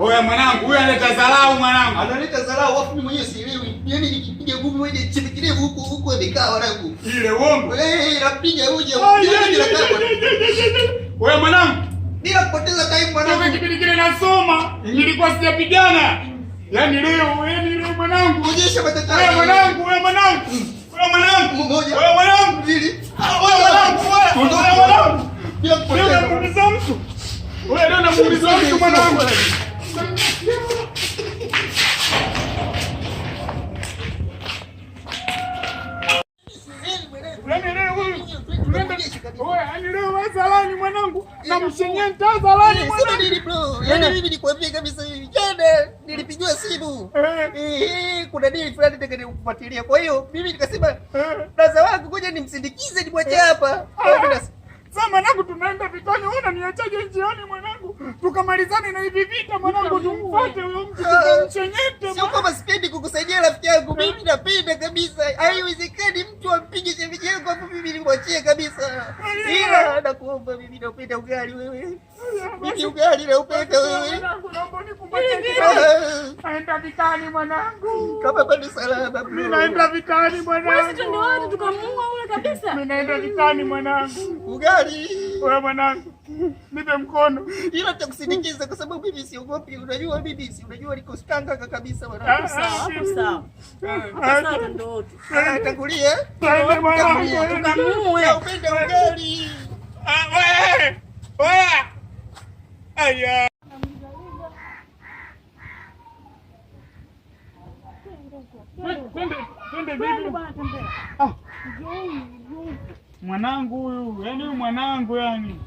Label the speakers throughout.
Speaker 1: Oya mwanangu, huyo analeta dharau mwanangu.
Speaker 2: Analeta dharau wapi mimi mwenyewe sielewi. Yaani nikipiga ngumi wewe chipikile huko huko nikaa wanangu.
Speaker 3: Ile uongo.
Speaker 2: Eh, napiga uje. Yaani
Speaker 3: Oya mwanangu, bila kupoteza time mwanangu.
Speaker 4: Kwa kipindi kile nasoma, nilikuwa sijapigana. Yaani leo, yaani leo mwanangu.
Speaker 2: Onyesha matata. Oya
Speaker 4: mwanangu. Huyu mwanangu Zalani mimi
Speaker 2: nilipigiwa simu. kuna dili fulani nataka nikufuatilia. Kwa hiyo mimi nikasema, eh. brother wangu ngoja nimsindikize nimwache eh. hapa. Ah
Speaker 4: mwanangu, tunaenda vitani. Wewe niachaje njiani mwanangu? Tukamalizane na hivi vita mwanangu, tumfuate huyo mtu eh, tumchenyete. Sio
Speaker 2: kama sipendi kukusaidia rafiki yangu, mimi napenda kabisa. Haiwezekani mtu ampige shemeji yangu kwa mimi nimwachie kabisa. Ila nakuomba mimi napenda ugali wewe. Mimi ugali naupenda wewe.
Speaker 4: Naomba nikumbatie.
Speaker 1: Eh. Aenda vitani mwanangu.
Speaker 2: Kama bado salama. Mimi
Speaker 4: naenda vitani mwanangu.
Speaker 1: Wewe ndio wewe tukamuua yule kabisa.
Speaker 4: Mimi naenda vitani mwanangu. Ugali wewe mwanangu, nipe mkono,
Speaker 2: ila takusindikiza kwa sababu mimi siogopi. Unajua mimi si unajua niko stanga kabisa mwanangu.
Speaker 1: Ah, sawa ah, sawa, sasa ndo tu
Speaker 2: tangulie, mwanangu, tukamue, upende ugali ah, wewe wewe. Aya twende twende, vipi bwana, tembea ah mwanangu huyu, yani huyu mwanangu yani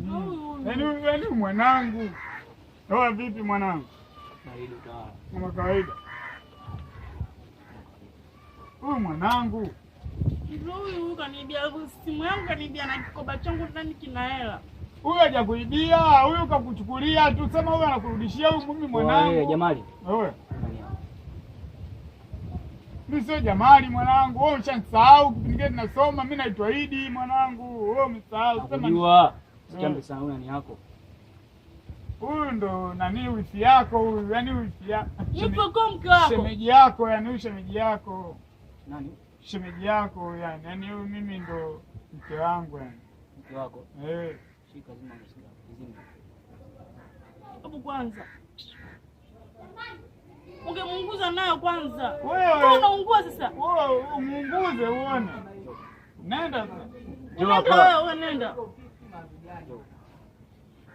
Speaker 2: mm. yani yaani huyu mwanangu. Oa vipi mwanangu? Kama kawaida. Huyu mwanangu huyu kaniibia simu yangu, kanibia na kikoba changu ndani kina hela. Huyu hajakuibia, huyu kakuchukulia tu, sema huyu anakurudishia huyu. Mimi mwanangu, Jamali wewe mi sio Jamali mwanangu, wewe unshanisahau kipindi kile tunasoma. Mi naitwa Idi mwanangu, wewe umesahau. Sema sikambe sana, una ni yako huyu ndo nani, wifi yako huyu, yani wifi ya yupo kwa mke wako, shemeji yako, yani huyu shemeji yako nani, shemeji yako yani, yani huyu mimi ndo mke wangu yani. Mke wako eh, shika zima, zima hapo kwanza. Anza nayo kwanza. Wewe unaungua sasa. Wewe muunguze uone. Nenda sasa. Nenda wewe, nenda.